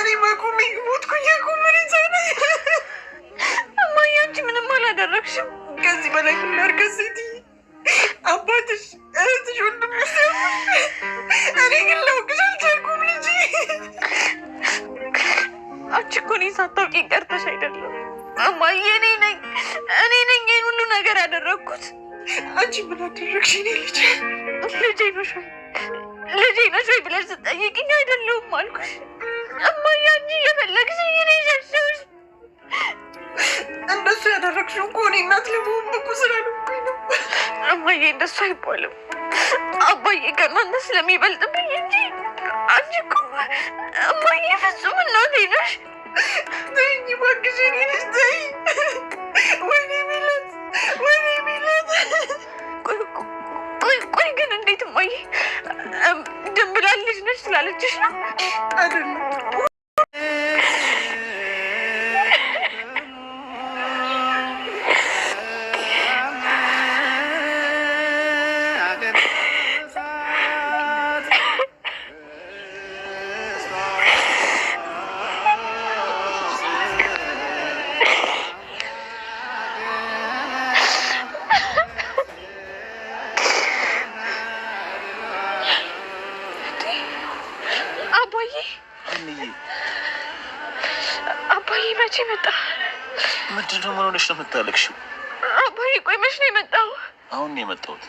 እኔ መቆሜ ሞትኩኝ። ቁምር እማዬ፣ አንቺ ምንም አላደረግሽም። ከዚህ በላይ ምናርገዝ ሴት አባትሽ፣ እህትሽ፣ ወንድምሽ እኔ ግን ላውቅሽ አልቻልኩም። ልጅ አንቺ እኮ እኔን ሳታውቂ ቀርተሽ አይደለም እማዬ፣ እኔ ነኝ እኔ ነኝ ይሄን ሁሉ ነገር ያደረግኩት። አንቺ ምን አደረግሽ? እኔ ልጅ ልጄ ነሽ ልጄ ነሽ ወይ ብለሽ ስጠይቅኝ አይደለሁም አልኩሽ። እማዬ አንቺ እየፈለግሽ እኔ ሸሸሽ። እንደሱ ያደረግሽው እኮ እኔ እናት ለመሆን ብቁ ስላልኩኝ ነው። እማዬ እንደሱ አይባልም። አባዬ ከእናንተ ስለሚበልጥብኝ እንጂ አንቺ እኮ እማዬ ፍጹም እናቴ ነሽ። ተይኝ እባክሽ እኔ ነሽ ተይኝ። ወይኔ ሚለት ወይኔ ሚለት ቆይ ግን እንዴት ሞይ ድንብላል ልጅ ነች ስላለችሽ ነው? አንቺ መጣ። ምንድን ነው? ምን ሆነሽ ነው የምታለቅሽው? አባዬ ቆይ መች ነው የመጣው? አሁን ነው የመጣሁት።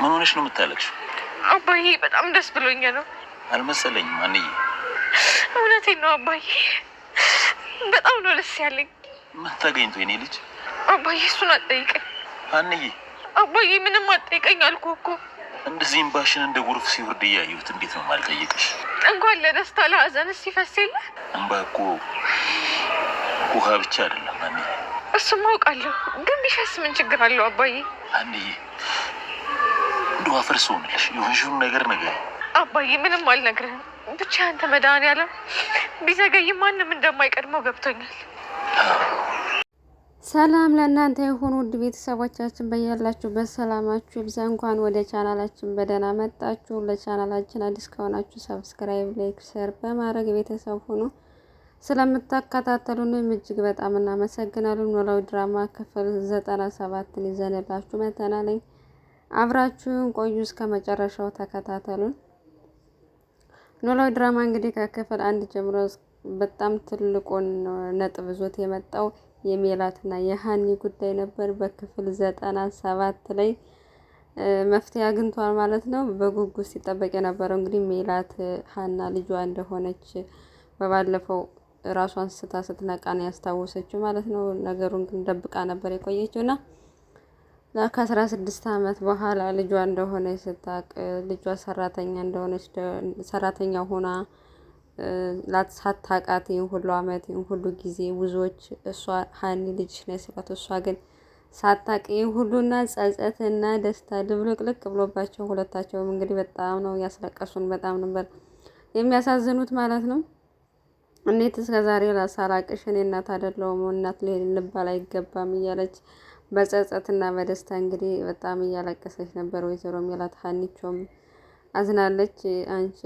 ምን ሆነሽ ነው የምታለቅሽው? አባዬ በጣም ደስ ብሎኝ ነው። አልመሰለኝም አንዬ። እውነቴን ነው አባዬ፣ በጣም ነው ደስ ያለኝ። ምን ተገኝቶ የኔ ልጅ? አባዬ እሱን አጠይቀኝ አንዬ። አባዬ ምንም አጠይቀኝ አልኩህ እኮ እንደዚህም ባሽን እንደ ጎርፍ ሲወርድ እያየሁት እንዴት ነው የማልጠይቅሽ? እንኳን ለደስታ ለሀዘንስ ሲፈስ የለ እንባ እኮ ውሃ ብቻ አይደለም ሀኒ። እሱም አውቃለሁ፣ ግን ቢሸስ ምን ችግር አለው አባዬ? ሀኒዬ እንደው አፈርስ ሆንልሽ የሆንሽውን ነገር ነገር አባዬ፣ ምንም አልነግርህም። ብቻ አንተ መድኃኒዓለም ቢዘገይ ማንም እንደማይቀድመው ገብቶኛል። ሰላም ለእናንተ የሆኑ ውድ ቤተሰቦቻችን በያላችሁበት ሰላማችሁ ይብዛ። እንኳን ወደ ቻናላችን በደህና መጣችሁ። ለቻናላችን አዲስ ከሆናችሁ ሰብስክራይብ፣ ላይክ፣ ሸር በማድረግ ቤተሰብ ሁኑ። ስለምታከታተሉንም እጅግ በጣም እናመሰግናለን። ኖላዊ ድራማ ክፍል ዘጠና ሰባትን ይዘንላችሁ መተናለኝ። አብራችሁን ቆዩ፣ እስከ መጨረሻው ተከታተሉን። ኖላዊ ድራማ እንግዲህ ከክፍል አንድ ጀምሮ በጣም ትልቁን ነጥብ ይዞት የመጣው የሜላትና የሀኒ ጉዳይ ነበር። በክፍል ዘጠና ሰባት ላይ መፍትሄ አግኝቷል ማለት ነው። በጉጉት ሲጠበቅ የነበረው እንግዲህ ሜላት ሀና ልጇ እንደሆነች በባለፈው ራሷን ስታ ስትነቃን ያስታወሰችው ማለት ነው። ነገሩን ግን ደብቃ ነበር የቆየችው እና ከአስራ ስድስት አመት በኋላ ልጇ እንደሆነ ስታቅ ልጇ ሰራተኛ እንደሆነች ሰራተኛ ሆና ሳታቃት ይህን ሁሉ አመት ይህን ሁሉ ጊዜ ብዙዎች እሷ ሀኒ ልጅሽ ነው ስላት እሷ ግን ሳታቅ ይህን ሁሉና ጸጸትና ደስታ ድብልቅልቅ ብሎባቸው ሁለታቸውም እንግዲህ በጣም ነው ያስለቀሱን። በጣም ነበር የሚያሳዝኑት ማለት ነው። እንዴት እስከ ዛሬ ሳላቅሽ እኔ እናት አይደለሁም እናት ልባል አይገባም እያለች በጸጸትና በደስታ እንግዲህ በጣም እያለቀሰች ነበር። ወይዘሮ ሜላት ሀኒቾም አዝናለች። አንቺ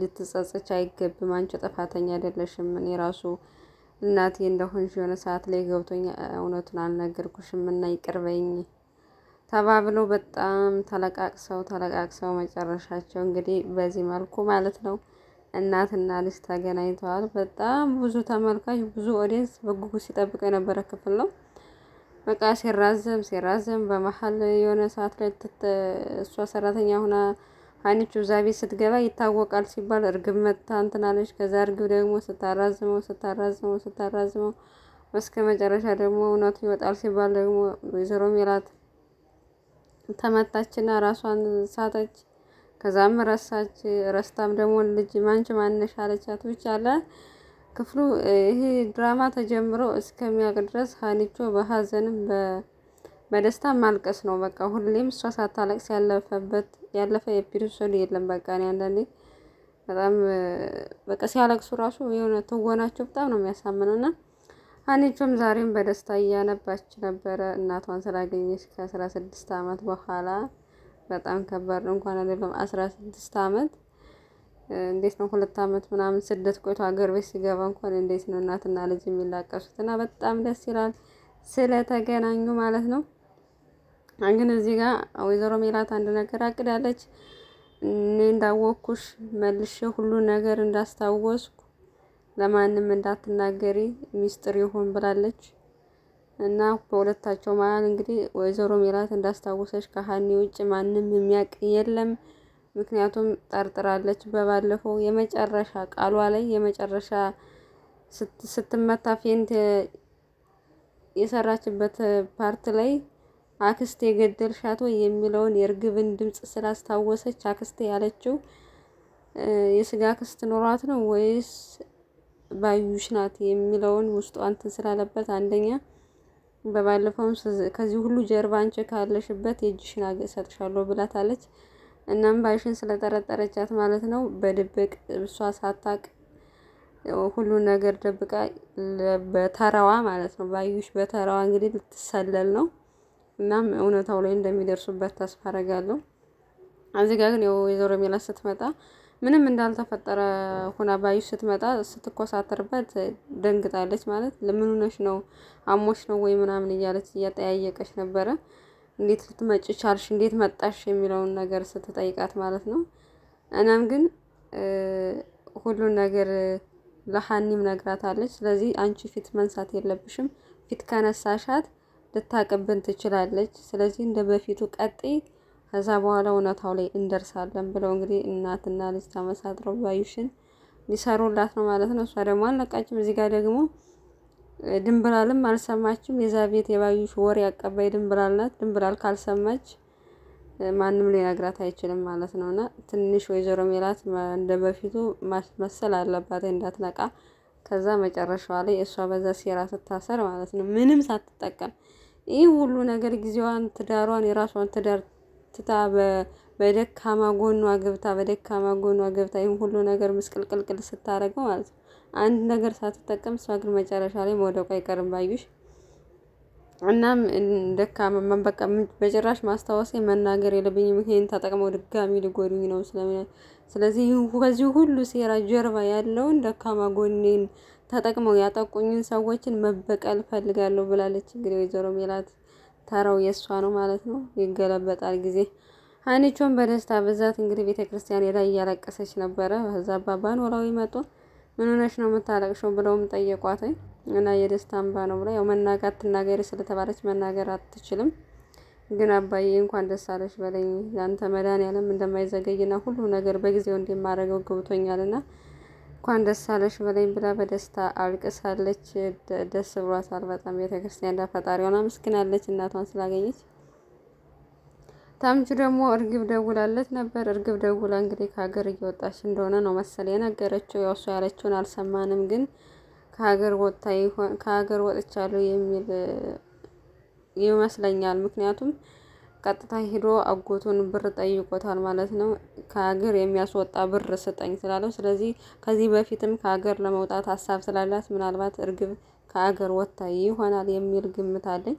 ልትጸጽች አይገብም፣ አንቺ ጥፋተኛ አይደለሽም። እኔ ራሱ እናቴ እንደሆንሽ የሆነ ሰዓት ላይ ገብቶኝ እውነቱን አልነገርኩሽም እና ይቅርበኝ ተባብለው በጣም ተለቃቅሰው ተለቃቅሰው መጨረሻቸው እንግዲህ በዚህ መልኩ ማለት ነው። እናትና ልጅ ተገናኝተዋል። በጣም ብዙ ተመልካች ብዙ ኦዲየንስ በጉጉት ሲጠብቀ የነበረ ክፍል ነው። በቃ ሲራዘም ሲራዘም በመሀል የሆነ ሰዓት ላይ እሷ ሰራተኛ ሁና ሀኒቹ እዛ ቤት ስትገባ ይታወቃል ሲባል እርግብ መታ እንትናለች። ከዛ እርግብ ደግሞ ስታራዝመው ስታራዝመው ስታራዝመው እስከ መጨረሻ ደግሞ እውነቱ ይወጣል ሲባል ደግሞ ወይዘሮ ሜላት ተመታችና ራሷን ሳተች። ከዛም ረሳች። ረስታም ደግሞ ልጅ ማንች ማነሽ አለቻት። ብቻ አለ ክፍሉ ይሄ ድራማ ተጀምሮ እስከሚያውቅ ድረስ ሀኒቾ በሀዘንም በደስታ ማልቀስ ነው። በቃ ሁሌም እሷ ሳታለቅስ ያለፈበት ያለፈ ኤፒሶድ የለም። በቃ እኔ አንዳንዴ በጣም በቃ ሲያለቅሱ ራሱ የሆነ ትወናቸው በጣም ነው የሚያሳምነው እና ሀኒቾም ዛሬም በደስታ እያነባች ነበረ እናቷን ስላገኘች ከአስራ ስድስት ዓመት በኋላ በጣም ከባድ ነው። እንኳን አይደለም አስራ ስድስት አመት እንዴት ነው ሁለት አመት ምናምን ስደት ቆይቶ ሀገር ቤት ሲገባ እንኳን እንዴት ነው እናትና ልጅ የሚላቀሱት እና በጣም ደስ ይላል ስለተገናኙ ማለት ነው። ግን እዚህ ጋር ወይዘሮ ሜላት አንድ ነገር አቅዳለች። እኔ እንዳወቅኩሽ መልሼ ሁሉ ነገር እንዳስታወስኩ ለማንም እንዳትናገሪ ሚስጥር ይሆን ብላለች። እና በሁለታቸው መሀል እንግዲህ ወይዘሮ ሜላት እንዳስታወሰች ከሀኒ ውጭ ማንም የሚያውቅ የለም። ምክንያቱም ጠርጥራለች። በባለፈው የመጨረሻ ቃሏ ላይ የመጨረሻ ስትመታ ፌንት የሰራችበት ፓርት ላይ አክስቴ ገደልሻት ወይ የሚለውን የእርግብን ድምፅ ስላስታወሰች አክስቴ ያለችው የስጋ ክስት ኖሯት ነው ወይስ ባዩሽ ናት የሚለውን ውስጧ እንትን ስላለበት አንደኛ በባለፈውም ከዚህ ሁሉ ጀርባ አንቺ ካለሽበት የእጅሽን እሰጥሻለሁ ብላታለች። እናም ባይሽን ስለጠረጠረቻት ማለት ነው በድብቅ እሷ ሳታቅ ሁሉን ነገር ደብቃ በተራዋ ማለት ነው ባዩሽ በተራዋ እንግዲህ ልትሰለል ነው። እናም እውነታው ላይ እንደሚደርሱበት ተስፋ አደርጋለሁ። እዚህ ጋ ግን ወይዘሮ ሜላት ስትመጣ ምንም እንዳልተፈጠረ ሁና ባዩ ስትመጣ ስትኮሳተርበት ደንግጣለች። ማለት ለምን ሆነሽ ነው አሞሽ ነው ወይ ምናምን እያለች እያጠያየቀች ነበረ። እንዴት ልትመጭ ቻልሽ፣ እንዴት መጣሽ የሚለውን ነገር ስትጠይቃት ማለት ነው። እናም ግን ሁሉን ነገር ለሀኒም ነግራታለች። ስለዚህ አንቺ ፊት መንሳት የለብሽም ፊት ከነሳሻት ልታቅብን ትችላለች። ስለዚህ እንደ በፊቱ ቀጤ ከዛ በኋላ እውነታው ላይ እንደርሳለን ብለው እንግዲህ እናትና ልጅ ተመሳጥረው ባዩሽን ሊሰሩላት ነው ማለት ነው። እሷ ደግሞ አልነቃችም። እዚህ ጋር ደግሞ ድንብላልም አልሰማችም። የዛ ቤት የባዩሽ ወሬ አቀባይ ድንብላል ናት። ድንብላል ካልሰማች ማንም ሊነግራት አይችልም ማለት ነው። እና ትንሽ ወይዘሮ ሜላት እንደ በፊቱ መሰል አለባት እንዳትነቃ። ከዛ መጨረሻዋ ላይ እሷ በዛ ሴራ ስታሰር ማለት ነው ምንም ሳትጠቀም ይህ ሁሉ ነገር ጊዜዋን፣ ትዳሯን፣ የራሷን ትዳር ትታ በደካማ ጎኗ ገብታ በደካማ ጎኗ ገብታ ይህም ሁሉ ነገር ምስቅልቅልቅል ስታደርገው ማለት ነው። አንድ ነገር ሳትጠቀም እሷ ግን መጨረሻ ላይ መውደቁ አይቀርም ባዩሽ። እናም ደካማ በቃ በጭራሽ ማስታወሴ መናገር የለብኝም ይሄን ተጠቅመው ድጋሚ ሊጎዱኝ ነው ስለምን ስለዚህ በዚህ ሁሉ ሴራ ጀርባ ያለውን ደካማ ጎኔን ተጠቅመው ያጠቁኝን ሰዎችን መበቀል ፈልጋለሁ ብላለች። እንግዲህ ወይዘሮ ሜላት ተራው የእሷ ነው ማለት ነው። ይገለበጣል ጊዜ ሀኒቾን በደስታ ብዛት እንግዲህ ቤተ ክርስቲያን ላይ እያለቀሰች ነበረ። ከዛ አባባ ኖላዊ መጡ። ምን ሆነሽ ነው የምታለቅሸው ብለውም ጠየቋት። እና የደስታ እንባ ነው ብላ ያው መናገር አትናገሪ ስለተባለች መናገር አትችልም። ግን አባዬ እንኳን ደስ አለሽ በለኝ፣ ያንተ መድኃኒዓለም እንደማይዘገይና ሁሉ ነገር በጊዜው እንደማደርገው ገብቶኛልና እንኳን ደስ አለሽ በለኝ ብላ በደስታ አልቅሳለች። ደስ ብሏታል በጣም ቤተክርስቲያን ለፈጣሪዋን አመስግናለች እናቷን ስላገኘች። ታምቹ ደግሞ እርግብ ደውላለት ነበር። እርግብ ደውላ እንግዲህ ከሀገር እየወጣች እንደሆነ ነው መሰለ የነገረችው። ያው እሷ ያለችውን አልሰማንም፣ ግን ከሀገር ወጥታ ከሀገር ወጥቻለሁ የሚል ይመስለኛል ምክንያቱም ቀጥታ ሄዶ አጎቱን ብር ጠይቆታል ማለት ነው። ከሀገር የሚያስወጣ ብር ስጠኝ ስላለው፣ ስለዚህ ከዚህ በፊትም ከሀገር ለመውጣት ሀሳብ ስላላት ምናልባት እርግብ ከሀገር ወጥታ ይሆናል የሚል ግምት አለኝ።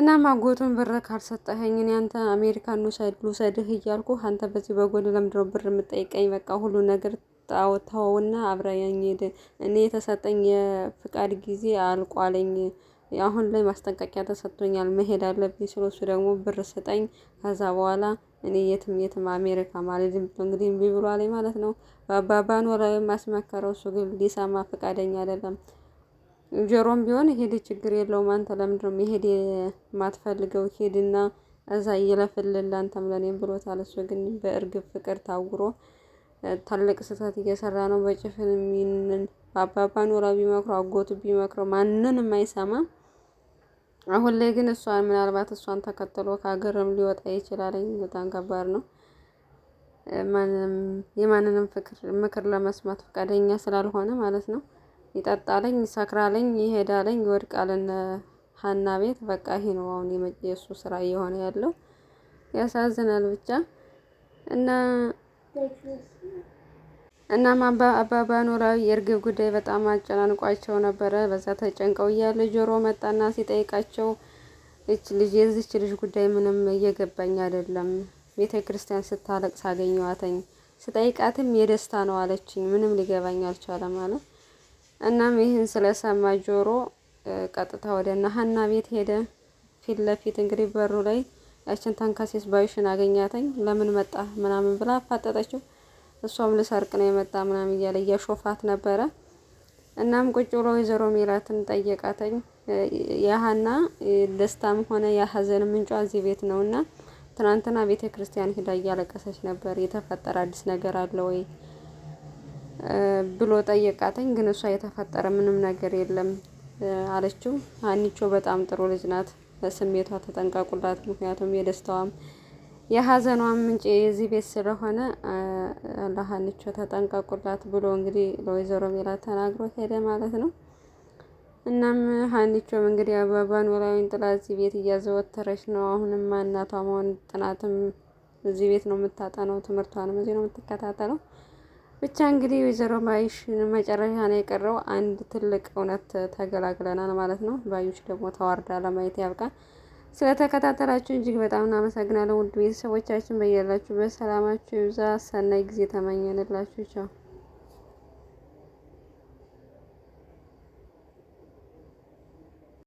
እናም አጎቱን ብር ካልሰጠኸኝ እኔ አንተ አሜሪካን ልውሰድህ እያልኩ አንተ በዚህ በጎን ለምድሮ ብር የምጠይቀኝ በቃ ሁሉ ነገር ጣወታውና አብረኸኝ እኔ የተሰጠኝ የፍቃድ ጊዜ አልቋለኝ አሁን ላይ ማስጠንቀቂያ ተሰጥቶኛል መሄድ አለብኝ ስለ እሱ ደግሞ ብር ስጠኝ ከዛ በኋላ እኔ የትም የትም አሜሪካ ማለት እንግዲህ እምቢ ብሏል ማለት ነው። በአባባ ኖላዊ ማስመከረው እሱ ግን ሊሰማ ፈቃደኛ አይደለም። ጆሮም ቢሆን ሄድ ችግር የለውም አንተ ለምንድነው መሄድ የማትፈልገው ሄድና እዛ እየለፍልን ላንተም ለኔም ብሎታል። እሱ ግን በእርግብ ፍቅር ታውሮ ታላቅ ስህተት እየሰራ ነው። በጭፍን ሚንን በአባባ ኖላዊ ቢመክረው አጎቱ ቢመክረው ማንንም አይሰማ አሁን ላይ ግን እሷን ምናልባት እሷን ተከትሎ ከሀገርም ሊወጣ ይችላል። በጣም ከባድ ነው። የማንንም ፍቅር ምክር ለመስማት ፈቃደኛ ስላልሆነ ማለት ነው። ይጠጣለኝ፣ ይሰክራለኝ፣ ይሄዳለኝ፣ ይወድቃልን ሀና ቤት በቃ ይሄ ነው አሁን የእሱ ስራ እየሆነ ያለው። ያሳዝናል ብቻ እና እናም አባባ ኖላዊ የእርግብ ጉዳይ በጣም አጨናንቋቸው ነበረ። በዛ ተጨንቀው እያለ ጆሮ መጣና ሲጠይቃቸው እች ልጅ የዚች ልጅ ጉዳይ ምንም እየገባኝ አይደለም። ቤተ ክርስቲያን ስታለቅስ አገኘዋተኝ ስጠይቃትም የደስታ ነው አለችኝ። ምንም ሊገባኝ አልቻለም አለ። እናም ይህን ስለሰማ ጆሮ ቀጥታ ወደ ናሀና ቤት ሄደ። ፊት ለፊት እንግዲህ በሩ ላይ ያችን ተንከሴስ ባዩሽን አገኛተኝ። ለምን መጣ ምናምን ብላ አፋጠጠችው። እሷም ልሰርቅ ነው የመጣ ምናምን እያለ እያሾፋት ነበረ። እናም ቁጭ ብሎ ወይዘሮ ሜላትን ጠየቃተኝ። ያሀና ደስታም ሆነ የሀዘን ምንጯ እዚህ ቤት ነው እና ትናንትና ቤተ ክርስቲያን ሂዳ እያለቀሰች ነበር። የተፈጠረ አዲስ ነገር አለ ወይ ብሎ ጠየቃተኝ። ግን እሷ የተፈጠረ ምንም ነገር የለም አለችው። ሀኒቾ በጣም ጥሩ ልጅ ናት። ስሜቷ ተጠንቀቁላት፣ ምክንያቱም የደስታዋም የሀዘኗ ምንጭ የዚህ ቤት ስለሆነ ለሀኒቾ ተጠንቀቁላት ብሎ እንግዲህ ለወይዘሮ ሜላ ተናግሮ ሄደ ማለት ነው። እናም ሀኒቾም እንግዲህ አባባን ኖላዊን ጥላ እዚህ ቤት እያዘወተረች ነው። አሁንም እናቷ መሆን ጥናትም እዚህ ቤት ነው የምታጠነው፣ ትምህርቷንም እዚህ ነው የምትከታተለው። ብቻ እንግዲህ ወይዘሮ ባዩሽ መጨረሻ ነው የቀረው። አንድ ትልቅ እውነት ተገላግለናል ማለት ነው። ባዩሽ ደግሞ ተዋርዳ ለማየት ያብቃል። ስለተከታተላችሁ እጅግ በጣም እናመሰግናለን። ውድ ቤተሰቦቻችን በያላችሁ በሰላማችሁ ይብዛ። ሰናይ ጊዜ ተመኘንላችሁ። ቻው